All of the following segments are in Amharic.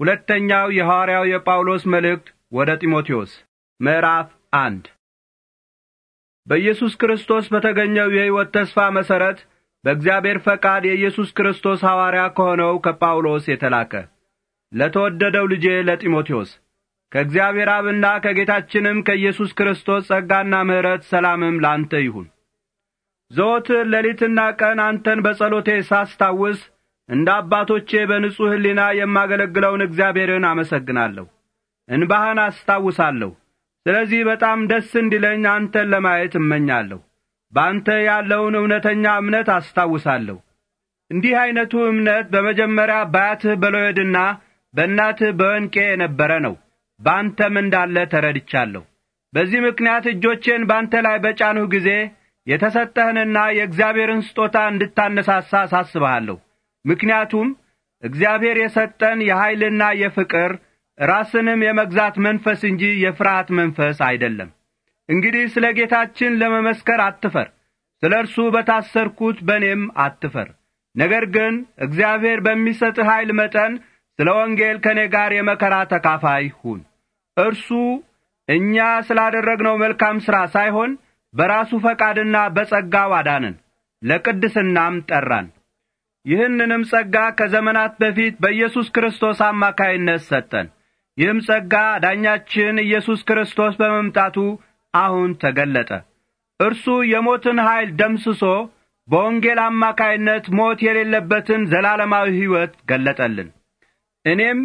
ሁለተኛው የሐዋርያው የጳውሎስ መልእክት ወደ ጢሞቴዎስ ምዕራፍ አንድ በኢየሱስ ክርስቶስ በተገኘው የሕይወት ተስፋ መሠረት በእግዚአብሔር ፈቃድ የኢየሱስ ክርስቶስ ሐዋርያ ከሆነው ከጳውሎስ የተላከ ለተወደደው ልጄ ለጢሞቴዎስ ከእግዚአብሔር አብና ከጌታችንም ከኢየሱስ ክርስቶስ ጸጋና ምሕረት ሰላምም ላንተ ይሁን። ዘወትር ሌሊትና ቀን አንተን በጸሎቴ ሳስታውስ እንደ አባቶቼ በንጹሕ ሕሊና የማገለግለውን እግዚአብሔርን አመሰግናለሁ። እንባህን አስታውሳለሁ። ስለዚህ በጣም ደስ እንዲለኝ አንተን ለማየት እመኛለሁ። በአንተ ያለውን እውነተኛ እምነት አስታውሳለሁ። እንዲህ ዐይነቱ እምነት በመጀመሪያ በአያትህ በሎየድና በእናትህ በወንቄ የነበረ ነው። በአንተም እንዳለ ተረድቻለሁ። በዚህ ምክንያት እጆቼን በአንተ ላይ በጫንሁ ጊዜ የተሰጠህንና የእግዚአብሔርን ስጦታ እንድታነሳሳ አሳስብሃለሁ። ምክንያቱም እግዚአብሔር የሰጠን የኃይልና የፍቅር ራስንም የመግዛት መንፈስ እንጂ የፍርሃት መንፈስ አይደለም። እንግዲህ ስለ ጌታችን ለመመስከር አትፈር፣ ስለ እርሱ በታሰርኩት በእኔም አትፈር። ነገር ግን እግዚአብሔር በሚሰጥህ ኃይል መጠን ስለ ወንጌል ከእኔ ጋር የመከራ ተካፋይ ሁን። እርሱ እኛ ስላደረግነው መልካም ሥራ ሳይሆን በራሱ ፈቃድና በጸጋው አዳነን፣ ለቅድስናም ጠራን። ይህንንም ጸጋ ከዘመናት በፊት በኢየሱስ ክርስቶስ አማካይነት ሰጠን። ይህም ጸጋ ዳኛችን ኢየሱስ ክርስቶስ በመምጣቱ አሁን ተገለጠ። እርሱ የሞትን ኃይል ደምስሶ በወንጌል አማካይነት ሞት የሌለበትን ዘላለማዊ ሕይወት ገለጠልን። እኔም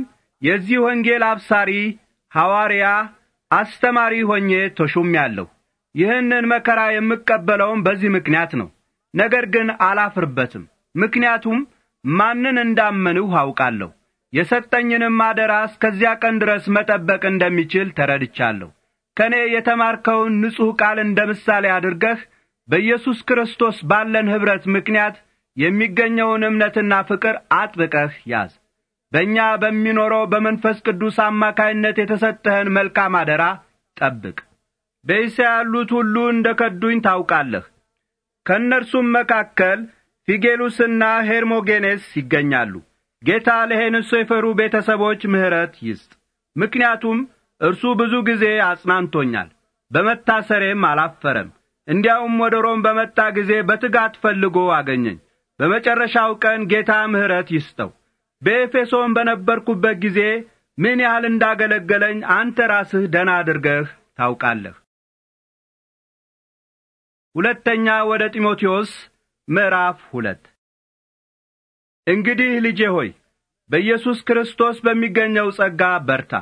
የዚህ ወንጌል አብሳሪ ሐዋርያ፣ አስተማሪ ሆኜ ተሾሜአለሁ። ይህንን መከራ የምቀበለውም በዚህ ምክንያት ነው። ነገር ግን አላፍርበትም። ምክንያቱም ማንን እንዳመንሁ አውቃለሁ። የሰጠኝንም አደራ እስከዚያ ቀን ድረስ መጠበቅ እንደሚችል ተረድቻለሁ። ከእኔ የተማርከውን ንጹሕ ቃል እንደ ምሳሌ አድርገህ በኢየሱስ ክርስቶስ ባለን ኅብረት ምክንያት የሚገኘውን እምነትና ፍቅር አጥብቀህ ያዝ። በእኛ በሚኖረው በመንፈስ ቅዱስ አማካይነት የተሰጠህን መልካም አደራ ጠብቅ። በእስያ ያሉት ሁሉ እንደ ከዱኝ ታውቃለህ። ከእነርሱም መካከል ፊጌሉስና ሄርሞጌኔስ ይገኛሉ። ጌታ ለሄንሶ የፈሩ ቤተሰቦች ምሕረት ይስጥ። ምክንያቱም እርሱ ብዙ ጊዜ አጽናንቶኛል፣ በመታሰሬም አላፈረም። እንዲያውም ወደ ሮም በመጣ ጊዜ በትጋት ፈልጎ አገኘኝ። በመጨረሻው ቀን ጌታ ምሕረት ይስጠው። በኤፌሶን በነበርኩበት ጊዜ ምን ያህል እንዳገለገለኝ አንተ ራስህ ደህና አድርገህ ታውቃለህ። ሁለተኛ ወደ ጢሞቴዎስ ምዕራፍ ሁለት እንግዲህ ልጄ ሆይ በኢየሱስ ክርስቶስ በሚገኘው ጸጋ በርታ።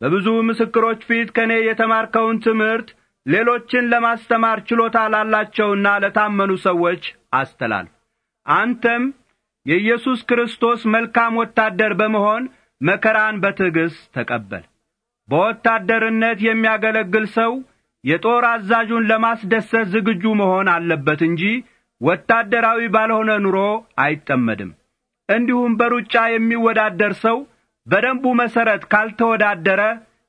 በብዙ ምስክሮች ፊት ከእኔ የተማርከውን ትምህርት ሌሎችን ለማስተማር ችሎታ ላላቸውና ለታመኑ ሰዎች አስተላልፍ። አንተም የኢየሱስ ክርስቶስ መልካም ወታደር በመሆን መከራን በትዕግሥት ተቀበል። በወታደርነት የሚያገለግል ሰው የጦር አዛዡን ለማስደሰት ዝግጁ መሆን አለበት እንጂ ወታደራዊ ባልሆነ ኑሮ አይጠመድም። እንዲሁም በሩጫ የሚወዳደር ሰው በደንቡ መሰረት ካልተወዳደረ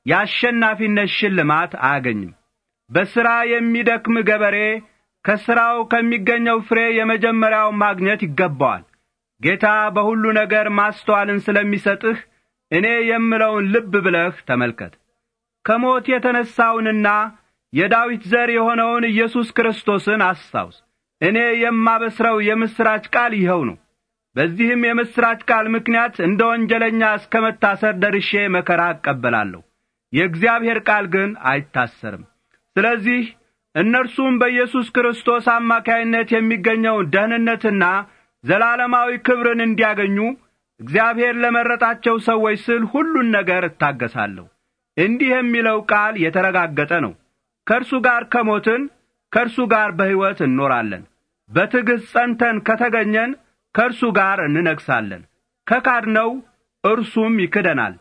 የአሸናፊነት ሽልማት አያገኝም። በሥራ የሚደክም ገበሬ ከሥራው ከሚገኘው ፍሬ የመጀመሪያው ማግኘት ይገባዋል። ጌታ በሁሉ ነገር ማስተዋልን ስለሚሰጥህ እኔ የምለውን ልብ ብለህ ተመልከት። ከሞት የተነሣውንና የዳዊት ዘር የሆነውን ኢየሱስ ክርስቶስን አስታውስ። እኔ የማበስረው የምሥራች ቃል ይኸው ነው። በዚህም የምሥራች ቃል ምክንያት እንደ ወንጀለኛ እስከ መታሰር ደርሼ መከራ እቀበላለሁ። የእግዚአብሔር ቃል ግን አይታሰርም። ስለዚህ እነርሱም በኢየሱስ ክርስቶስ አማካይነት የሚገኘውን ደህንነትና ዘላለማዊ ክብርን እንዲያገኙ እግዚአብሔር ለመረጣቸው ሰዎች ስል ሁሉን ነገር እታገሳለሁ። እንዲህ የሚለው ቃል የተረጋገጠ ነው። ከእርሱ ጋር ከሞትን ከእርሱ ጋር በሕይወት እንኖራለን። በትዕግሥት ጸንተን ከተገኘን ከእርሱ ጋር እንነግሣለን። ከካድነው እርሱም ይክደናል።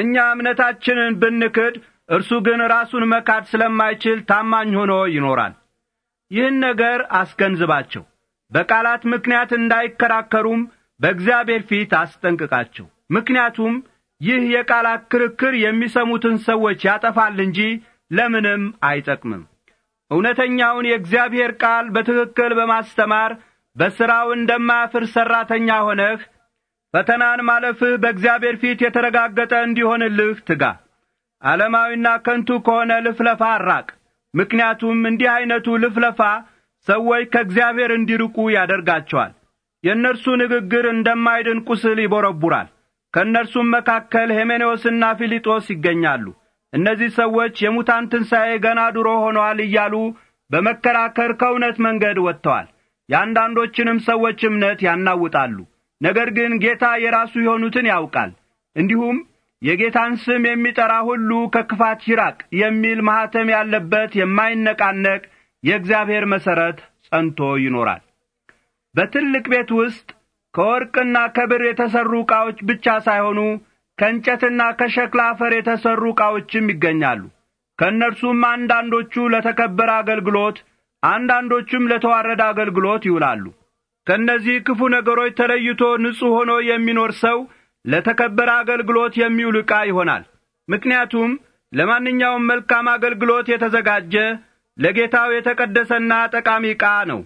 እኛ እምነታችንን ብንክድ እርሱ ግን ራሱን መካድ ስለማይችል ታማኝ ሆኖ ይኖራል። ይህን ነገር አስገንዝባቸው። በቃላት ምክንያት እንዳይከራከሩም በእግዚአብሔር ፊት አስጠንቅቃቸው። ምክንያቱም ይህ የቃላት ክርክር የሚሰሙትን ሰዎች ያጠፋል እንጂ ለምንም አይጠቅምም። እውነተኛውን የእግዚአብሔር ቃል በትክክል በማስተማር በሥራው እንደማያፍር ሠራተኛ ሆነህ ፈተናን ማለፍህ በእግዚአብሔር ፊት የተረጋገጠ እንዲሆንልህ ትጋ። ዓለማዊና ከንቱ ከሆነ ልፍለፋ አራቅ። ምክንያቱም እንዲህ ዐይነቱ ልፍለፋ ሰዎች ከእግዚአብሔር እንዲርቁ ያደርጋቸዋል። የእነርሱ ንግግር እንደማይድን ቁስል ይቦረቡራል። ከእነርሱም መካከል ሄሜኔዎስና ፊሊጦስ ይገኛሉ። እነዚህ ሰዎች የሙታን ትንሣኤ ገና ድሮ ሆነዋል እያሉ በመከራከር ከእውነት መንገድ ወጥተዋል። የአንዳንዶችንም ሰዎች እምነት ያናውጣሉ። ነገር ግን ጌታ የራሱ የሆኑትን ያውቃል፣ እንዲሁም የጌታን ስም የሚጠራ ሁሉ ከክፋት ይራቅ የሚል ማኅተም ያለበት የማይነቃነቅ የእግዚአብሔር መሠረት ጸንቶ ይኖራል። በትልቅ ቤት ውስጥ ከወርቅና ከብር የተሠሩ ዕቃዎች ብቻ ሳይሆኑ ከእንጨትና ከሸክላ አፈር የተሠሩ ዕቃዎችም ይገኛሉ። ከእነርሱም አንዳንዶቹ ለተከበረ አገልግሎት፣ አንዳንዶቹም ለተዋረደ አገልግሎት ይውላሉ። ከእነዚህ ክፉ ነገሮች ተለይቶ ንጹሕ ሆኖ የሚኖር ሰው ለተከበረ አገልግሎት የሚውል ዕቃ ይሆናል። ምክንያቱም ለማንኛውም መልካም አገልግሎት የተዘጋጀ ለጌታው የተቀደሰና ጠቃሚ ዕቃ ነው።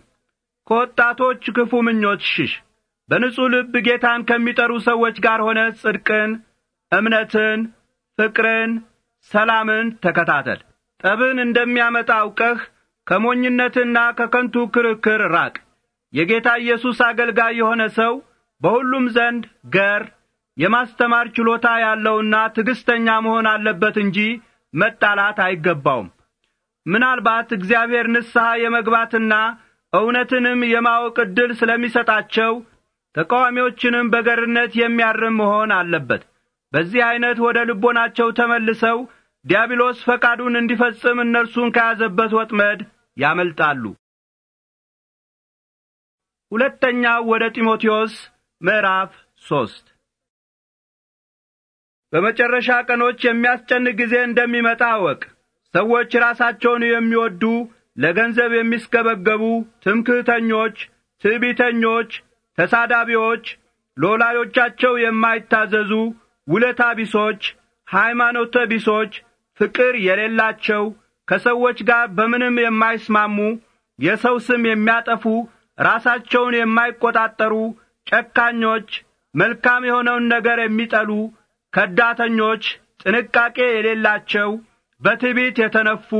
ከወጣቶች ክፉ ምኞች ሽሽ። በንጹሕ ልብ ጌታን ከሚጠሩ ሰዎች ጋር ሆነ ጽድቅን እምነትን፣ ፍቅርን፣ ሰላምን ተከታተል። ጠብን እንደሚያመጣ አውቀህ ከሞኝነትና ከከንቱ ክርክር ራቅ። የጌታ ኢየሱስ አገልጋይ የሆነ ሰው በሁሉም ዘንድ ገር የማስተማር ችሎታ ያለውና ትዕግሥተኛ መሆን አለበት እንጂ መጣላት አይገባውም። ምናልባት እግዚአብሔር ንስሐ የመግባትና እውነትንም የማወቅ ዕድል ስለሚሰጣቸው ተቃዋሚዎችንም በገርነት የሚያርም መሆን አለበት። በዚህ ዐይነት ወደ ልቦናቸው ተመልሰው ዲያብሎስ ፈቃዱን እንዲፈጽም እነርሱን ከያዘበት ወጥመድ ያመልጣሉ። ሁለተኛው ወደ ጢሞቴዎስ ምዕራፍ ሦስት በመጨረሻ ቀኖች የሚያስጨንቅ ጊዜ እንደሚመጣ ወቅ ሰዎች ራሳቸውን የሚወዱ፣ ለገንዘብ የሚስገበገቡ፣ ትምክህተኞች፣ ትዕቢተኞች፣ ተሳዳቢዎች፣ ሎላዮቻቸው የማይታዘዙ ውለታ ቢሶች፣ ሃይማኖተ ቢሶች፣ ፍቅር የሌላቸው፣ ከሰዎች ጋር በምንም የማይስማሙ፣ የሰው ስም የሚያጠፉ፣ ራሳቸውን የማይቆጣጠሩ፣ ጨካኞች፣ መልካም የሆነውን ነገር የሚጠሉ፣ ከዳተኞች፣ ጥንቃቄ የሌላቸው፣ በትዕቢት የተነፉ፣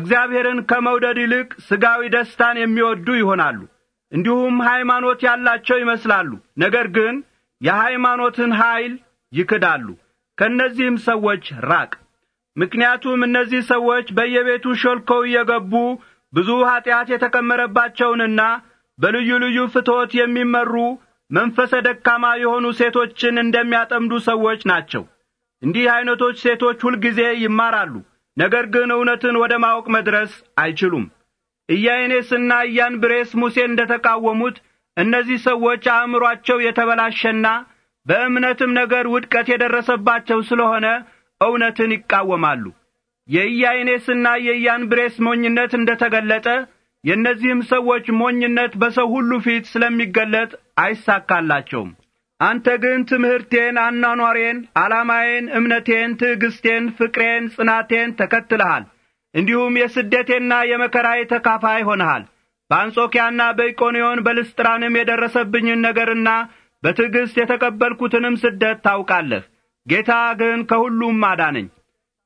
እግዚአብሔርን ከመውደድ ይልቅ ሥጋዊ ደስታን የሚወዱ ይሆናሉ። እንዲሁም ሃይማኖት ያላቸው ይመስላሉ። ነገር ግን የሃይማኖትን ኃይል ይክዳሉ። ከእነዚህም ሰዎች ራቅ። ምክንያቱም እነዚህ ሰዎች በየቤቱ ሾልከው እየገቡ ብዙ ኀጢአት የተከመረባቸውንና በልዩ ልዩ ፍትወት የሚመሩ መንፈሰ ደካማ የሆኑ ሴቶችን እንደሚያጠምዱ ሰዎች ናቸው። እንዲህ ዐይነቶች ሴቶች ሁልጊዜ ይማራሉ፣ ነገር ግን እውነትን ወደ ማወቅ መድረስ አይችሉም። እያይኔስና እያንብሬስ ሙሴን እንደ ተቃወሙት እነዚህ ሰዎች አእምሮአቸው የተበላሸና በእምነትም ነገር ውድቀት የደረሰባቸው ስለሆነ እውነትን ይቃወማሉ። የኢያይኔስና የኢያንብሬስ ሞኝነት እንደ ተገለጠ የእነዚህም ሰዎች ሞኝነት በሰው ሁሉ ፊት ስለሚገለጥ አይሳካላቸውም። አንተ ግን ትምህርቴን፣ አኗኗሬን፣ ዓላማዬን፣ እምነቴን፣ ትዕግሥቴን፣ ፍቅሬን፣ ጽናቴን ተከትልሃል። እንዲሁም የስደቴና የመከራዬ ተካፋይ ሆነሃል። በአንጾኪያና በኢቆንዮን በልስጥራንም የደረሰብኝን ነገርና በትዕግሥት የተቀበልኩትንም ስደት ታውቃለህ። ጌታ ግን ከሁሉም አዳነኝ።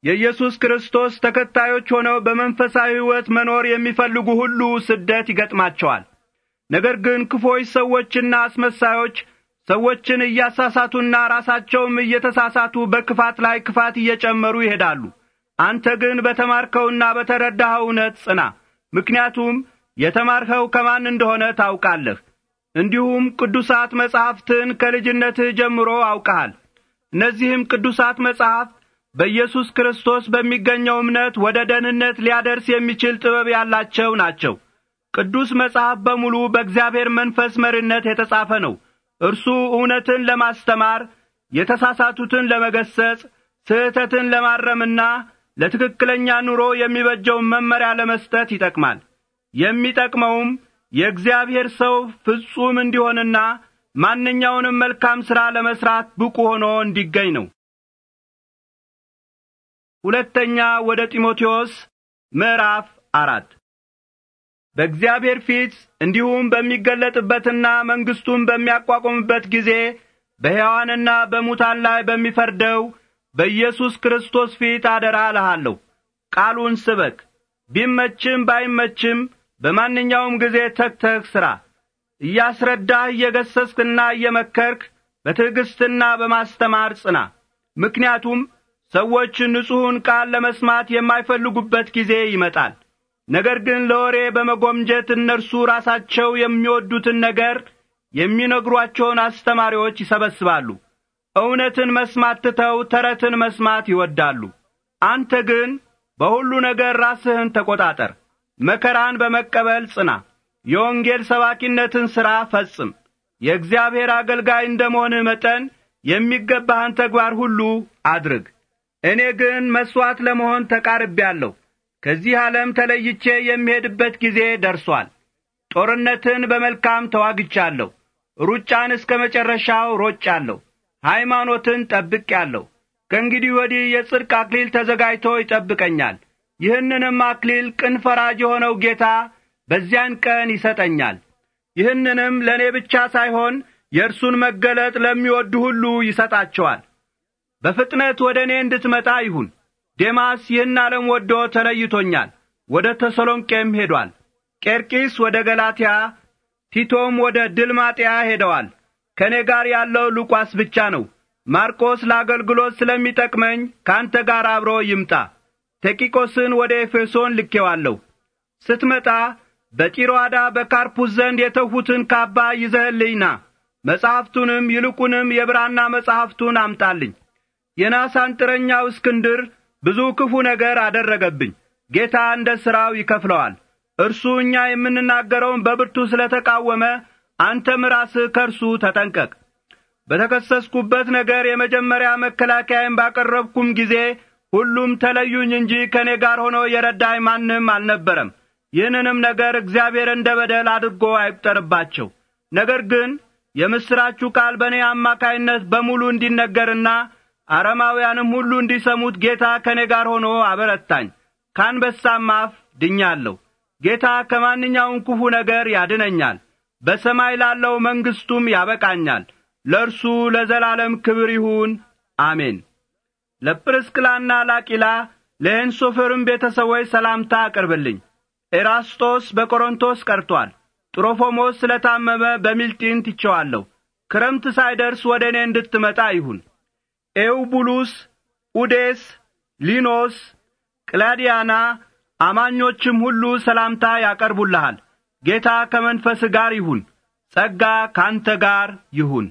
የኢየሱስ ክርስቶስ ተከታዮች ሆነው በመንፈሳዊ ሕይወት መኖር የሚፈልጉ ሁሉ ስደት ይገጥማቸዋል። ነገር ግን ክፎች ሰዎችና አስመሳዮች ሰዎችን እያሳሳቱና ራሳቸውም እየተሳሳቱ በክፋት ላይ ክፋት እየጨመሩ ይሄዳሉ። አንተ ግን በተማርከውና በተረዳኸው እውነት ጽና፣ ምክንያቱም የተማርኸው ከማን እንደሆነ ታውቃለህ። እንዲሁም ቅዱሳት መጻሕፍትን ከልጅነትህ ጀምሮ አውቀሃል። እነዚህም ቅዱሳት መጻሕፍት በኢየሱስ ክርስቶስ በሚገኘው እምነት ወደ ደህንነት ሊያደርስ የሚችል ጥበብ ያላቸው ናቸው። ቅዱስ መጽሐፍ በሙሉ በእግዚአብሔር መንፈስ መሪነት የተጻፈ ነው። እርሱ እውነትን ለማስተማር፣ የተሳሳቱትን ለመገሰጽ፣ ስህተትን ለማረምና ለትክክለኛ ኑሮ የሚበጀውን መመሪያ ለመስጠት ይጠቅማል። የሚጠቅመውም የእግዚአብሔር ሰው ፍጹም እንዲሆንና ማንኛውንም መልካም ሥራ ለመሥራት ብቁ ሆኖ እንዲገኝ ነው። ሁለተኛ ወደ ጢሞቴዎስ ምዕራፍ አራት በእግዚአብሔር ፊት እንዲሁም በሚገለጥበትና መንግሥቱን በሚያቋቁምበት ጊዜ በሕያዋንና በሙታን ላይ በሚፈርደው በኢየሱስ ክርስቶስ ፊት አደራ እልሃለሁ። ቃሉን ስበክ፣ ቢመችም ባይመችም በማንኛውም ጊዜ ተግተህ ሥራ። እያስረዳህ እየገሰስክና እየመከርክ በትዕግሥትና በማስተማር ጽና። ምክንያቱም ሰዎች ንጹሕን ቃል ለመስማት የማይፈልጉበት ጊዜ ይመጣል። ነገር ግን ለወሬ በመጎምጀት እነርሱ ራሳቸው የሚወዱትን ነገር የሚነግሯቸውን አስተማሪዎች ይሰበስባሉ። እውነትን መስማት ትተው ተረትን መስማት ይወዳሉ። አንተ ግን በሁሉ ነገር ራስህን ተቈጣጠር። መከራን በመቀበል ጽና። የወንጌል ሰባኪነትን ሥራ ፈጽም። የእግዚአብሔር አገልጋይ እንደ መሆንህ መጠን የሚገባህን ተግባር ሁሉ አድርግ። እኔ ግን መሥዋዕት ለመሆን ተቃርቤያለሁ። ከዚህ ዓለም ተለይቼ የሚሄድበት ጊዜ ደርሷል። ጦርነትን በመልካም ተዋግቻለሁ። ሩጫን እስከ መጨረሻው ሮጫለሁ። ሃይማኖትን ጠብቄአለሁ። ከእንግዲህ ወዲህ የጽድቅ አክሊል ተዘጋጅቶ ይጠብቀኛል። ይህንንም አክሊል ቅን ፈራጅ የሆነው ጌታ በዚያን ቀን ይሰጠኛል። ይህንንም ለእኔ ብቻ ሳይሆን የእርሱን መገለጥ ለሚወዱ ሁሉ ይሰጣቸዋል። በፍጥነት ወደ እኔ እንድትመጣ ይሁን። ዴማስ ይህን ዓለም ወዶ ተለይቶኛል፣ ወደ ተሰሎንቄም ሄዷል። ቄርቂስ ወደ ገላትያ፣ ቲቶም ወደ ድልማጥያ ሄደዋል። ከእኔ ጋር ያለው ሉቃስ ብቻ ነው። ማርቆስ ለአገልግሎት ስለሚጠቅመኝ ከአንተ ጋር አብሮ ይምጣ። ቴኪቆስን ወደ ኤፌሶን ልኬዋለሁ። ስትመጣ በጢሮአዳ በካርፑስ ዘንድ የተውሁትን ካባ ይዘህልኝና መጻሕፍቱንም ይልቁንም የብራና መጻሕፍቱን አምጣልኝ። የናስ አንጥረኛው እስክንድር ብዙ ክፉ ነገር አደረገብኝ። ጌታ እንደ ሥራው ይከፍለዋል። እርሱ እኛ የምንናገረውን በብርቱ ስለ ተቃወመ አንተም ራስህ ከእርሱ ተጠንቀቅ። በተከሰስኩበት ነገር የመጀመሪያ መከላከያዬን ባቀረብኩም ጊዜ ሁሉም ተለዩኝ እንጂ ከእኔ ጋር ሆኖ የረዳኝ ማንም አልነበረም። ይህንንም ነገር እግዚአብሔር እንደ በደል አድርጎ አይቁጠርባቸው። ነገር ግን የምሥራችሁ ቃል በእኔ አማካይነት በሙሉ እንዲነገርና አረማውያንም ሁሉ እንዲሰሙት ጌታ ከእኔ ጋር ሆኖ አበረታኝ። ከአንበሳም አፍ ድኛለሁ። ጌታ ከማንኛውም ክፉ ነገር ያድነኛል። በሰማይ ላለው መንግሥቱም ያበቃኛል። ለእርሱ ለዘላለም ክብር ይሁን። አሜን። ለጵርስቅላና ላቂላ ለእንሶፈርም ቤተሰቦች ሰላምታ አቅርብልኝ። ኤራስጦስ በቆሮንቶስ ቀርቷል። ጥሮፎሞስ ስለታመመ በሚልጢን ትቼዋለሁ። ክረምት ሳይደርስ ወደ እኔ እንድትመጣ ይሁን። ኤውቡሉስ፣ ኡዴስ፣ ሊኖስ፣ ቅላዲያና አማኞችም ሁሉ ሰላምታ ያቀርቡልሃል። ጌታ ከመንፈስ ጋር ይሁን። ጸጋ ካንተ ጋር ይሁን።